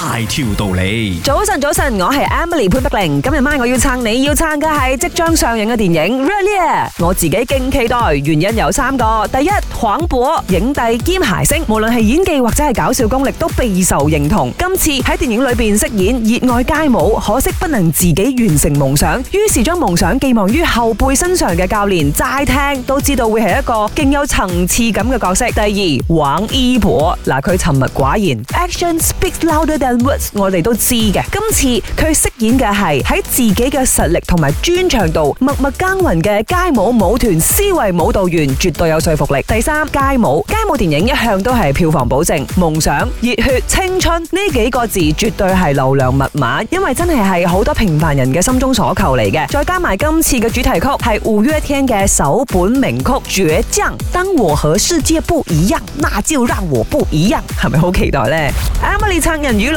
大條道理。早晨早晨，我係 Emily 潘柏靈，今日晚我要撐你要撐嘅係即將上映嘅電影《熱烈》，我自己勁期待，原因有三個：第一，黃渤影帝兼諧星，無論係演技或者係搞笑功力都備受認同，今次喺電影裏邊飾演熱愛街舞，可惜不能自己完成夢想，於是將夢想寄望於後輩身上嘅教練，齋聽都知道會係一個勁有層次感嘅角色。第二，王一博，嗱佢沉默寡言，Action speaks louder。Words, 我哋都知嘅，今次佢飾演嘅係喺自己嘅實力同埋專長度默默耕,耕耘嘅街舞舞團思維舞蹈員，絕對有說服力。第三街舞，街舞電影一向都係票房保證，夢想、熱血、青春呢幾個字絕對係流量密碼，因為真係係好多平凡人嘅心中所求嚟嘅。再加埋今次嘅主題曲係五月天嘅首本名曲《倔強》，當我和世界不一樣，那就讓我不一樣，係咪好期待呢？Emily 人與。